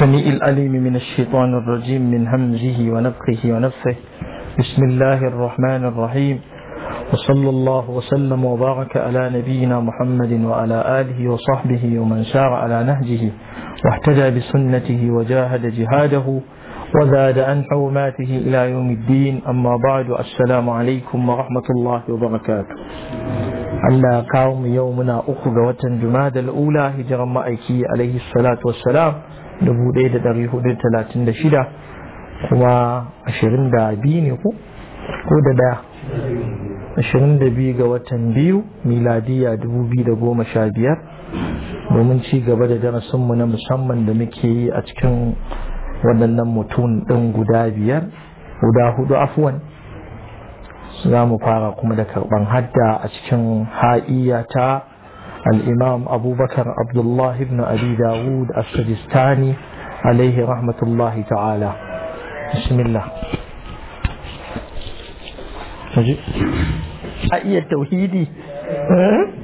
سميع الأليم من الشيطان الرجيم من همزه ونفخه ونفثه بسم الله الرحمن الرحيم وصلى الله وسلم وبارك على نبينا محمد وعلى آله وصحبه ومن سار على نهجه واحتجى بسنته وجاهد جهاده وزاد عن حوماته إلى يوم الدين أما بعد السلام عليكم ورحمة الله وبركاته Allah قوم يومنا أخذ وتنجماد الأولى هجر مأيكي عليه الصلاة والسلام 1436 kuma 22 ne ko ko da daya 22 ga watan biyu miladiya 2015 domin ci gaba da darasinmu na musamman da muke yi a cikin waɗannan mutum ɗin guda biyar guda hudu afuwan za mu fara kuma da karɓar hadda a cikin ha'iya ta الإمام أبو بكر عبد الله بن أبي داود السجستاني عليه رحمة الله تعالى بسم الله أي التوحيدي إيه؟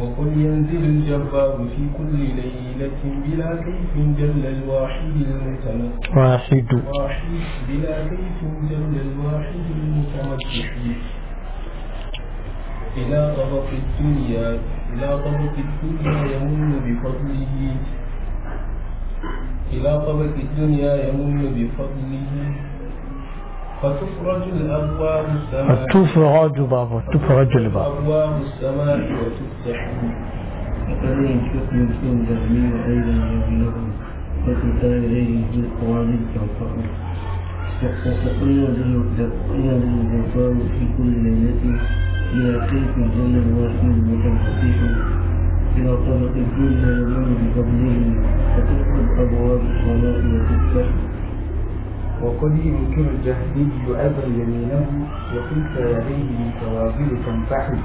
وقل ينزل الجبار في كل ليلة بلا كيف جل الواحد المتمسك واحد واحد بلا كيف جل الواحد المتمسك إلى طبق الدنيا إلى طبق الدنيا يمن بفضله إلى طبق الدنيا يمن بفضله فتفرج الأبواب السماء فتفرج باب تفرج الباب أبواب السماء وتفتح وقد ينشق يمكن دهمي وأيضا يبلغه فتلتان إليه بالقوانين تنفعه وتقين له الجبار في كل ليلة إلى كيف الجنة الواحد المتنفسيح إلى طرق الدنيا يوم بفضله فتفرج أبواب السماء وتفتح وقد يمكن الجهدي أبا يمينه وكلتا يديه توابير تنفحل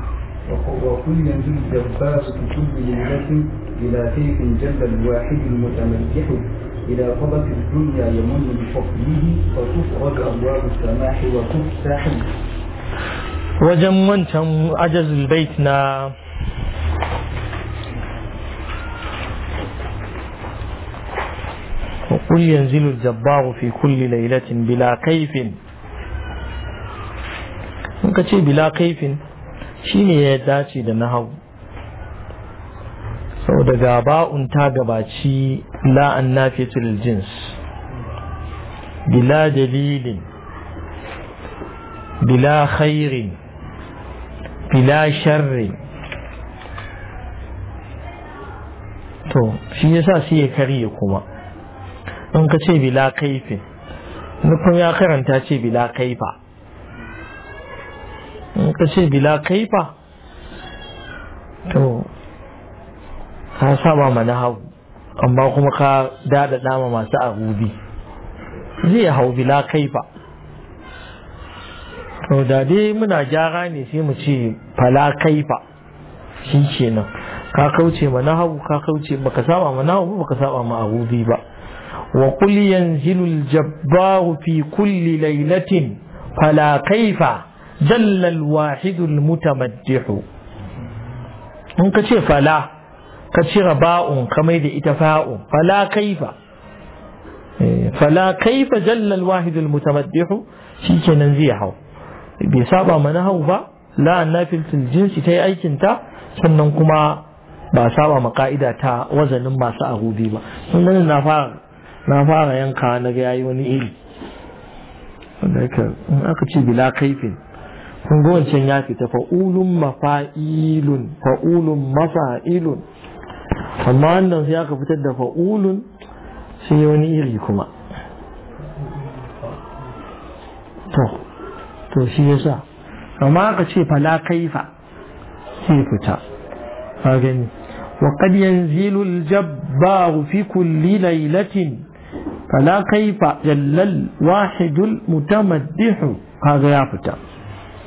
وقل ينزل الجبار في كل ليلة إلى سيف جل الواحد المتمجح إلى طبق الدنيا يمن بفضله فتفرج أبواب السماح وتفتح وجم وانتم عجز البيتنا قل ينزل الجبار في كل ليلة بلا كيف in ka ce bila kaifin shine ya dace da na hau saboda gaba'un ta gabaci la'an nafiyatul jins bila dalilin bila khairin bila sharrin to shi yasa su ya karye kuma in ka ce bila kaifin nufin ya karanta ce bila kaifa in ka ce bila kaifa to ka saba mana hau amma kuma ka dada dama masu arubi zai hau bila kaifa to da dai muna gyara ne sai mu ce fala kaifa shi kenan ka kauce mana hau ka kauce baka saba mana hau baka saba ma agubi ba وقل ينزل الجبار في كل ليلة فلا كيف جل الواحد المتمدح إن كشي فلا كشي غباء كما إذا إتفاء فلا كيف إيه، فلا كيف جل الواحد المتمدح شي كننزيه بسابة منها وفا لا نافل في الجنس تي أي كنتا سننكما ba sawa makaida ta wazanin masu ahudi ba sun nan na fara yanka na ga yayi wani iri wanda in aka ce bila kaifin kun ga wancan ya fita fa'ulun mafa'ilun fa'ulun mafa'ilun amma wannan sai aka fitar da fa'ulun sai wani iri kuma to to shi yasa amma aka ce fala kaifa sai fita ka gani وقد ينزل الجبار في كل ليلة فلا كيف جل الواحد المتمدح هذا يافتا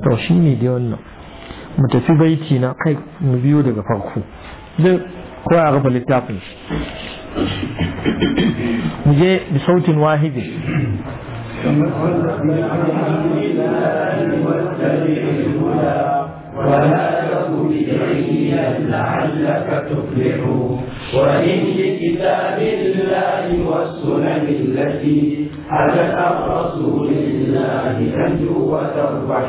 تو شيني ديون متفي بيتينا كيف نبيو دغ فكو ده كو اغف الكتاب نجي بصوت واحد ثم قال الحمد لله المتبع الهدى ولا تك بدعيا لعلك تفلح وإن لكتاب الله والسنن التي أتت الرسول الله تنجو وتربح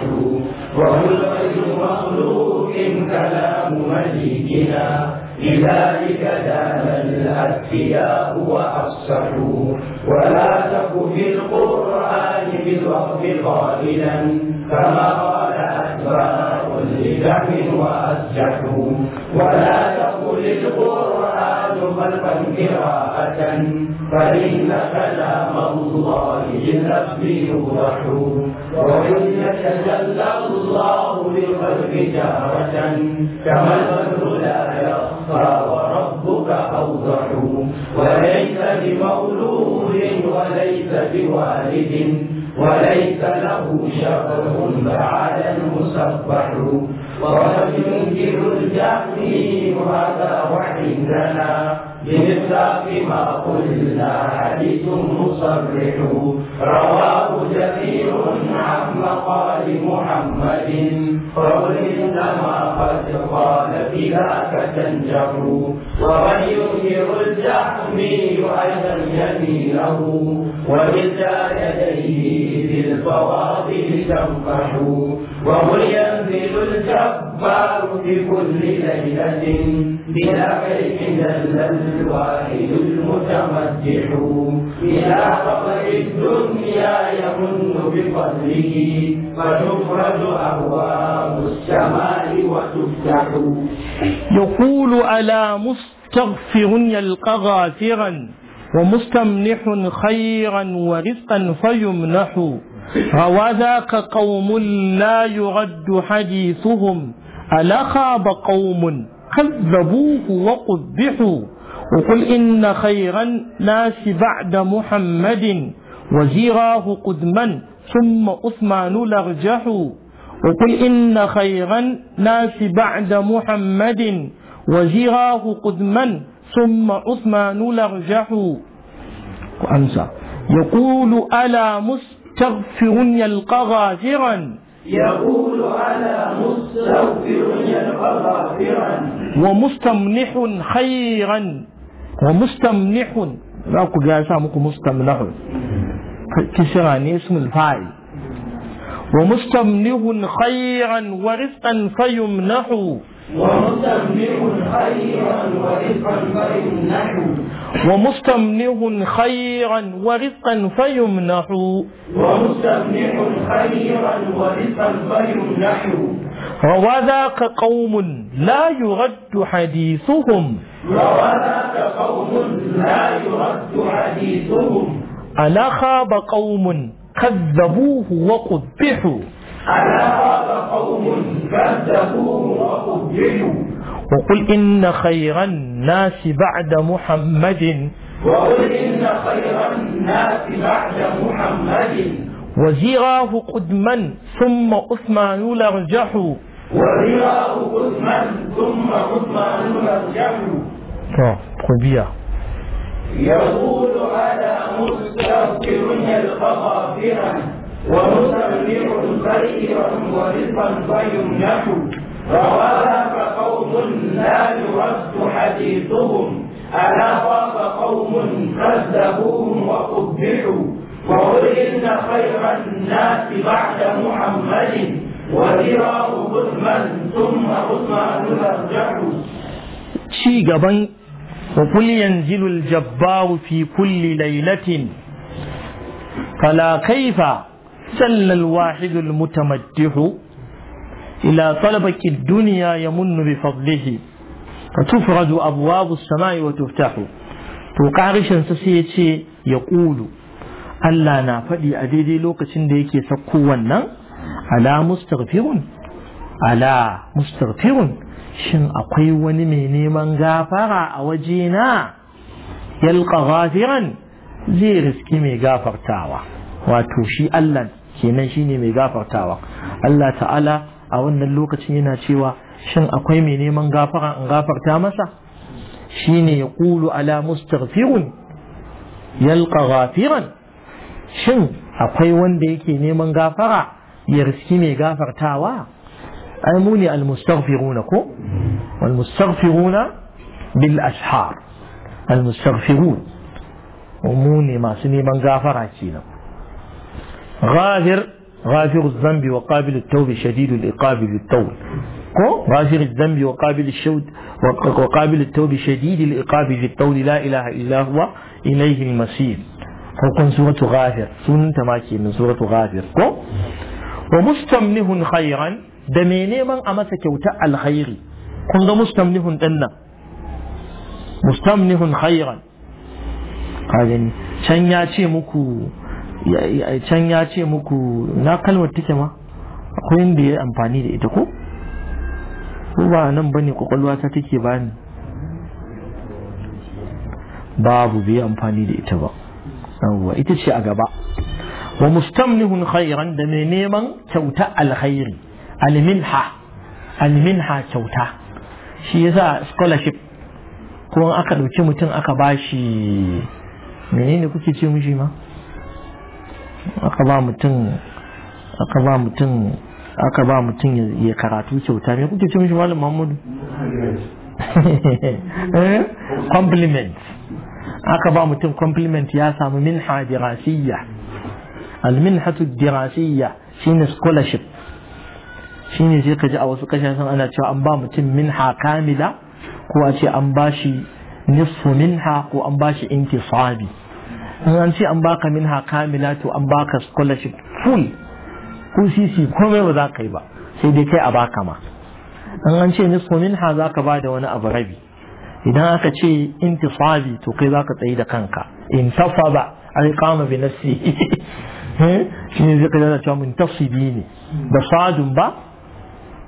وكل غير مخلوق كلام مليكنا لذلك دام الأتقياء وأفصحوا ولا تك في القرآن بالوقت قائلا كما قال أتباع لدعم وأسجحه ولا تقل القرآن خلفا قراءة فإن كلام الله لنفسي يوضح وإن يتجلى الله للخلق جارة كما البدر لا يخفى وربك أوضح وليس بمولود وليس بوالد وليس له شبه بعد المسبح ولم ينكر الجحيم هذا وحيدنا بمصداق ما قلنا حديث مصرح رواه جرير عن مقال محمد فقل انما قد قال بذاك تنجح ومن ينكر الجحمي ايضا يمينه وبالذات يديه في بالفواضل تنفح وهو ينزل الجبار في كل ليلة بلا فيء نزل الواحد المتمدح إلى قبر الدنيا يمن بفضله فتفرج أبواب السماء وتفتح يقول ألا مستغفر يلقى غافرا ومستمنح خيرا ورزقا فيمنح وذاك قوم لا يرد حديثهم ألا خاب قوم كذبوه وقبحوا وقل إن خير الناس بعد محمد وزيراه قدما ثم عثمان لرجحوا وقل إن خير الناس بعد محمد وزيراه قدما ثم عثمان لرجحوا وأنسى يقول ألا مسلم مستغفر يلقى غافرا يقول أنا مستغفر يلقى غافرا ومستمنح خيرا ومستمنح راكو لا سامكو مستمنح كسراني اسم الفاعل ومستمنح خيرا ورزقا فيمنح ومستمنع خيرا ورزقا فيمنح ومستمنع خيرا ورزقا فيمنح ومستمنع خيرا ورزقا فيمنح وذاك قوم لا يرد حديثهم وذاك قوم لا يرد حديثهم ألا خاب قوم كذبوه وقبحوا ألا هذا قوم كذبوا وأهيلوا وقل إن خير الناس بعد محمد وقل إن خير الناس بعد محمد وزراه قدما ثم عثمان الأرجح وزراه قدما ثم عثمان الأرجح طيب يقول على مستغفر يلقى غافرا ونسبح سيئة ورزقا فيمنح طيب رواها فقوم لا يرد حديثهم ألا خاف قوم كذبوهم وقبحوا وقل إن خير الناس بعد محمد وذراع قدما ثم قدما ترجع شي قبل وقل ينزل الجبار في كل ليلة فلا كيف سل الواحد المتمدح إلى طلبك الدنيا يمن بفضله فتفرج أبواب السماء وتفتح توقعش سسيتي يقول ألا نافدي أديدي لوك ديكي سكوانا ألا مستغفرون ألا مستغفرون شن أقيوني wani من غافر أوجينا يلقى غافرا زي رسكي zai riski mai gafartawa kenan shine mai gafartawa Allah ta'ala a wannan lokacin yana cewa shin akwai mai neman gafara in gafarta masa shine ya kulu ala mustaghfirun yalqa ghafiran shin akwai wanda yake neman gafara ya riski mai gafartawa ai mu ne almustaghfiruna ko almustaghfiruna bil ashar almustaghfirun mu ne masu neman gafara kenan غافر غافر الذنب وقابل التوب شديد العقاب بالطول غافر الذنب وقابل الشود وقابل التوب شديد العقاب بالطول لا اله الا هو اليه المصير فكون سورة غافر سنة تماكي من سورة غافر كو ومستمنه خيرا دميني من أمس كوتاء الخير كن مستمنه دنا مستمنه خيرا هذا شنياتي مكو can ya ce muku na kalmar take ma akwai inda ya amfani da ita ko ko ba nan bane kwakwalwa ta take bani babu bai amfani da ita ba yawwa ita ce a gaba wa mustamlihun khairan da mai neman kyauta alkhairi alminha alminha kyauta shi yasa scholarship ko aka dauki mutum aka bashi menene kuke ce mushi ma aka ba mutum aka ba mutum aka ba mutum ya karatu kyauta me kuke ce mishi malam Muhammadu eh? compliment aka ba mutum compliment ya samu minha dirasiyya alminhatu dirasiyya shine scholarship shine sai ka ji a wasu kasashen ana cewa an ba mutum minha kamila ko a ce an ba shi nisfu minha ko an ba shi intisabi an ce an baka minha kamila to an baka scholarship full ko sisi komai ba za ka yi ba sai dai kai a baka ma an an ce minha za ka ba da wani abu rabi idan aka ce intisabi to kai za ka tsayi da kanka intafa ba an kama bi nafsi eh? shi ne zai kaza da cewa muntasibi ne da sadun ba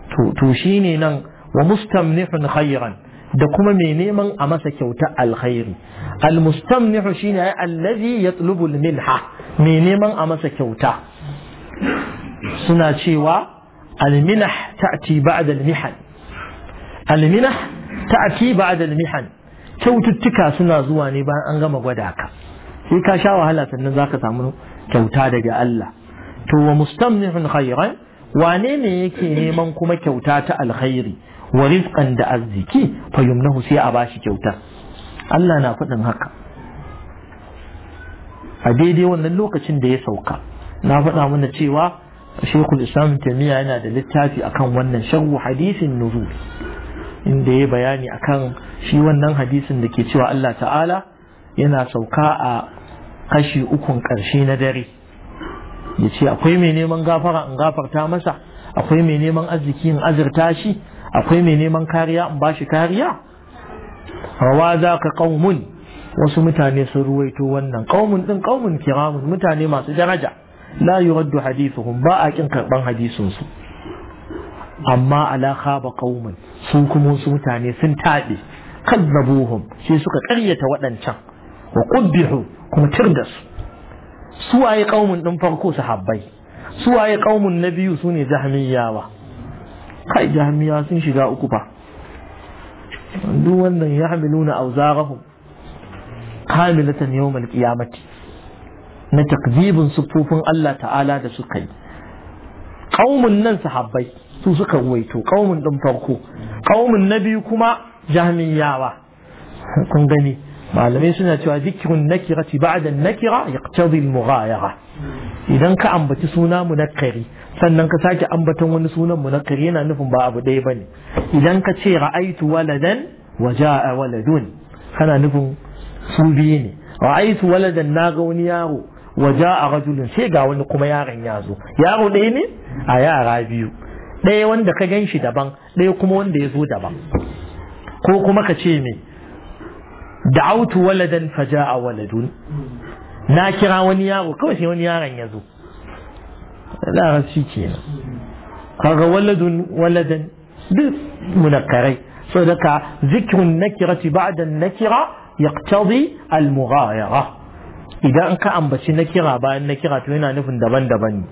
to shi ne nan wa mustamnihun khayran da kuma mai neman a masa kyauta alkhairi almustamnihu shine ay allazi yatlubu almilha mai neman a masa kyauta suna cewa alminah ta'ti ba'da almihan alminah ta'ti ba'da almihan kyaututtuka suna zuwa ne bayan an gama gwada ka sai ka sha wahala sannan zaka samu kyauta daga Allah to wa mustamnihun khairan wane ne yake neman kuma kyauta ta alkhairi wa rizqan da arziki fa yumnahu sai a bashi kyauta Allah na faɗin haka a daidai wannan lokacin da ya sauka na faɗa mana cewa shekul islam tamiya yana da littafi akan wannan sharhu hadisin nuzul inda ya bayani akan shi wannan hadisin da ke cewa Allah ta'ala yana sauka a kashi ukun karshe na dare ya ce akwai mai neman gafara in gafarta masa akwai mai neman arziki in azurta shi akwai mai neman kariya in bashi kariya rawa za ka ƙaumun wasu mutane sun ruwaito wannan ƙaumun ɗin ƙaumun kiramun mutane masu daraja la yuraddu hadithuhum ba a ƙin karɓan hadisinsu amma alaka ba ƙaumun sun kuma wasu mutane sun taɓe kazzabuhum sai suka ƙaryata waɗancan wa ƙubbihu kuma tirda su su waye ƙaumun din farko sahabbai su waye ƙaumun na biyu su sune jahmiyawa kai jahamiya sun shiga uku fa duk wannan ya hamiluna auzarahum kamilatan yawmal qiyamati na takzibin sufufin Allah ta'ala da suka yi qaumun nan sahabbai su suka waito qaumun din farko qaumun na biyu kuma jahmiyawa kun gani malamai suna cewa zikirun nakirati ba'da nakira yaqtadi al-mughayara idan ka ambaci suna munakkari sannan ka sake ambaton wani sunan munakkari yana nufin ba abu ɗaya bane idan ka ce ra'aitu waladan wa ja'a waladun kana nufin su biyu ne ra'aitu waladan na ga wani yaro wa ja'a rajulun sai ga wani kuma yaron ya zo yaro ɗaya ne a yara biyu ɗaya wanda ka gan shi daban ɗaya kuma wanda ya zo daban ko kuma ka ce me da'autu waladan fa ja'a waladun na kira wani yaro kawai sai wani yaron ya zo لا غسي كينا هذا ولد ولدا بمنكري فذكى ذكر النكرة بعد النكرة يقتضي المغايرة إذا أنك أم بس نكرة بعد النكرة هنا نفن دبن دبن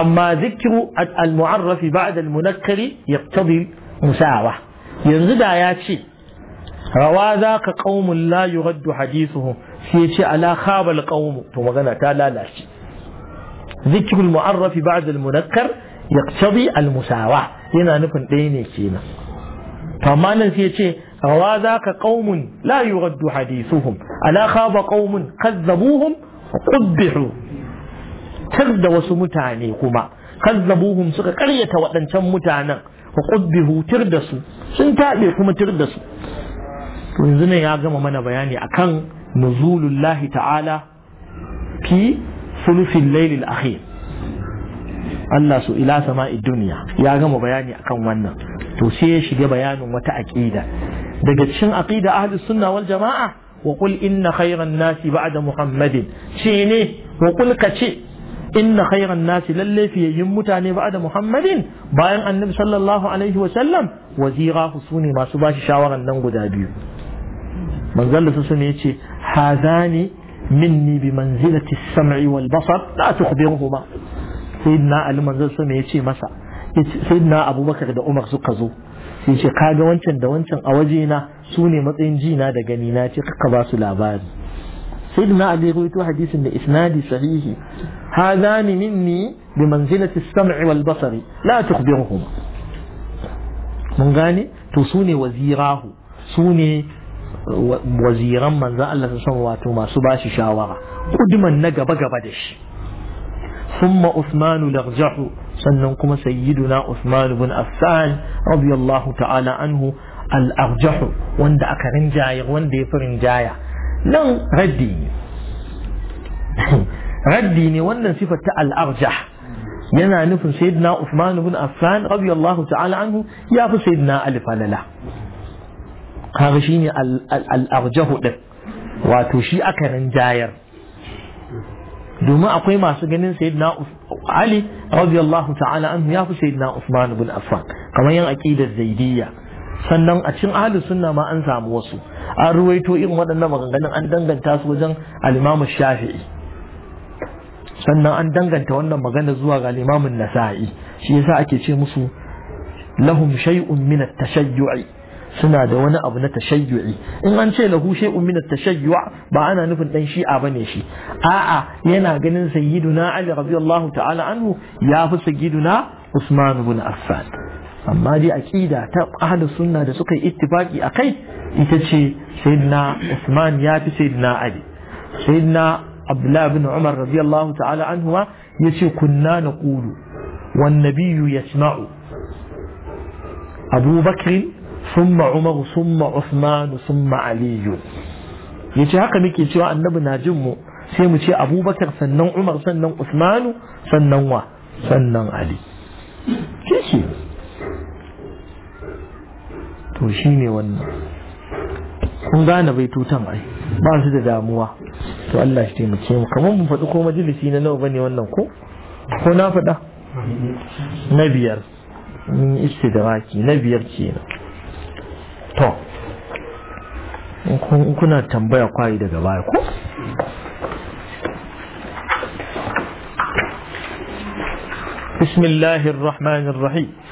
أما ذكر المعرف بعد المنكر يقتضي مساواة ينزد شيء روى ذاك قوم لا يرد حديثه سيتي على خاب القوم ثم غنى تالا لا شيء ذكر المعرف بعد المنكر يقتضي المساواة هنا نكون ديني كينا فما نسيتي شيء ذاك قوم لا يرد حديثهم ألا خاب قوم كذبوهم قبحوا تغدى وسمتاني كما كذبوهم سكا قرية وأنتم متانا وقبحوا تردسوا سنتابي كما تردسوا yanzu ne ya gama بياني أكن نزول الله تعالى في sulufin lailil akhir Allah su ila duniya ya gama bayani akan wannan to sai ya shiga bayanin wata aqida daga cikin aqida ahlus sunna wal jama'a wa qul inna khayran nasi ba'da muhammadin Shi ne wa qul ka ce inna khayran nasi lalle fiyayyin mutane ba'da muhammadin bayan annabi sallallahu alaihi wa sallam wazira husuni masu bashi shawaran nan guda biyu manzon da su ne yace hazani مني بمنزلة السمع والبصر لا تخبرهما سيدنا المنزل سمع يشي مسا سيدنا أبو بكر دا أمر زقزو يشي قاقا وانتن دا وانتن أوجينا سوني مطين جينا دا غنينا تيك قباس العباد سيدنا علي رويت حديث ان إسنادي صحيح هذان مني بمنزلة السمع والبصر لا تخبرهما من غاني تسوني وزيراه سوني waziran manzan Allah su wato masu ba shi shawara kuduman na gaba gaba da shi summa Usmanu larjahu sannan kuma Sayyidu sayyiduna Usman bin Affan radiyallahu ta'ala anhu al wanda aka rinjaya wanda ya fi rinjaya nan raddi raddi ne wannan sifar ta al-arjah yana nufin sayyidina Uthman ibn Affan radiyallahu ta'ala anhu ya fi sayyidina Ali falala kaga shine ne al'arjahu ɗin, wato shi aka rinjayar domin akwai masu ganin sayyidina Ali radiyallahu ta'ala anhu ya fi sayyidina Usman ibn Affan kamar yan aqidar zaidiyya sannan a cikin ahlus sunna ma an samu wasu an ruwaito irin waɗannan maganganun an danganta su wajen al-Imam Shafi'i sannan an danganta wannan magana zuwa ga al-Imam Nasa'i shi yasa ake ce musu lahum shay'un min at suna da wani abu na tashayyu'i in an ce lahu shay'un min at-tashayyu' ba ana nufin dan shi'a bane shi a'a yana ganin sayyiduna Ali radiyallahu ta'ala anhu ya fi sayyiduna Usman ibn Affan amma dai aqida ta ahlus sunna da suka yi ittifaki akai ita ce sayyidina Usman ya fi sayyidina Ali sayyidina Abdullah ibn Umar radiyallahu ta'ala anhuma yace kunna naqulu wan nabiyyu yasma'u Abu Bakr summa umar summa usman summa aliyu yace haka muke cewa annabi na jin mu sai mu ce abubakar sannan umar sannan usmanu sannan wa sannan ali shi to shi ne wannan kun gane bai tutan ai ba su da damuwa to Allah shi taimake mu kamar mun faɗi ko majalisi na nawa bane wannan ko ko na faɗa na biyar istidraki na biyar kenan to kuna tambaya kwari daga baya ko bismillahir rahmanir rahim